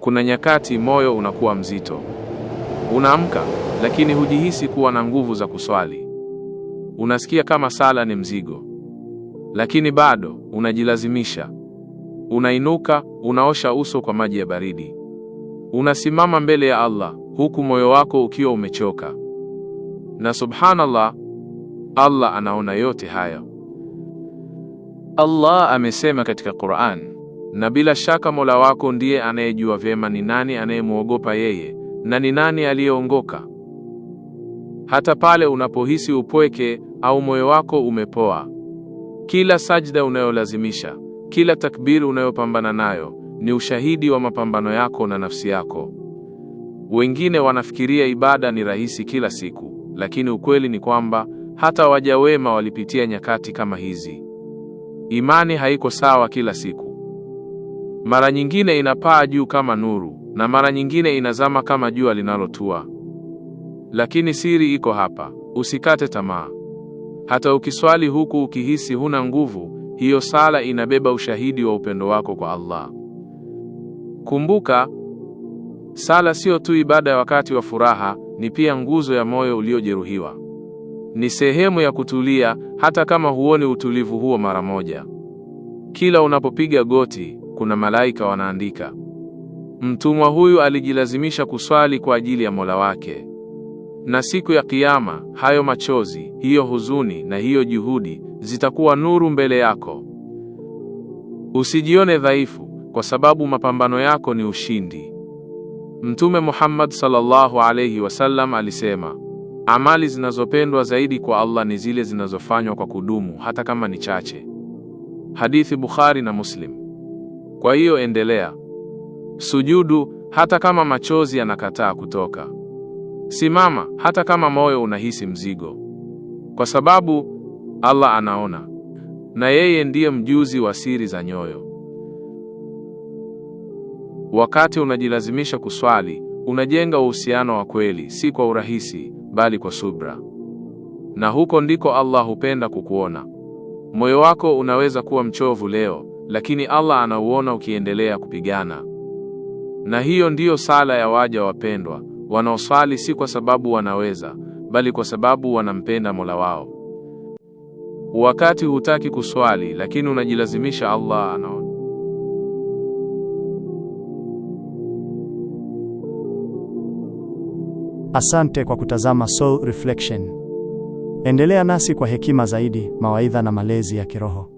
Kuna nyakati moyo unakuwa mzito, unaamka lakini hujihisi kuwa na nguvu za kuswali. Unasikia kama sala ni mzigo, lakini bado unajilazimisha. Unainuka, unaosha uso kwa maji ya baridi, unasimama mbele ya Allah huku moyo wako ukiwa umechoka. Na subhanallah, Allah anaona yote haya. Allah amesema katika Qur'an na bila shaka Mola wako ndiye anayejua vyema ni nani anayemwogopa yeye na ni nani aliyeongoka. Hata pale unapohisi upweke au moyo wako umepoa, kila sajda unayolazimisha, kila takbiri unayopambana nayo ni ushahidi wa mapambano yako na nafsi yako. Wengine wanafikiria ibada ni rahisi kila siku, lakini ukweli ni kwamba hata waja wema walipitia nyakati kama hizi. Imani haiko sawa kila siku. Mara nyingine inapaa juu kama nuru na mara nyingine inazama kama jua linalotua. Lakini siri iko hapa, usikate tamaa. Hata ukiswali huku ukihisi huna nguvu, hiyo sala inabeba ushahidi wa upendo wako kwa Allah. Kumbuka, sala sio tu ibada ya wakati wa furaha, ni pia nguzo ya moyo uliojeruhiwa. Ni sehemu ya kutulia, hata kama huoni utulivu huo mara moja. Kila unapopiga goti kuna malaika wanaandika. Mtumwa huyu alijilazimisha kuswali kwa ajili ya Mola wake, na siku ya Kiyama hayo machozi, hiyo huzuni na hiyo juhudi zitakuwa nuru mbele yako. Usijione dhaifu, kwa sababu mapambano yako ni ushindi. Mtume Muhammad sallallahu alayhi wasallam alisema, amali zinazopendwa zaidi kwa Allah ni zile zinazofanywa kwa kudumu, hata kama ni chache. Hadithi Bukhari na Muslim. Kwa hiyo endelea sujudu, hata kama machozi yanakataa kutoka. Simama, hata kama moyo unahisi mzigo, kwa sababu Allah anaona na yeye ndiye mjuzi wa siri za nyoyo. Wakati unajilazimisha kuswali, unajenga uhusiano wa kweli, si kwa urahisi, bali kwa subra, na huko ndiko Allah hupenda kukuona. Moyo wako unaweza kuwa mchovu leo, lakini Allah anauona ukiendelea kupigana. Na hiyo ndiyo sala ya waja wapendwa wanaoswali si kwa sababu wanaweza, bali kwa sababu wanampenda Mola wao. Wakati hutaki kuswali, lakini unajilazimisha, Allah anaona. Asante kwa kutazama Soul Reflection. Endelea nasi kwa hekima zaidi, mawaidha na malezi ya kiroho.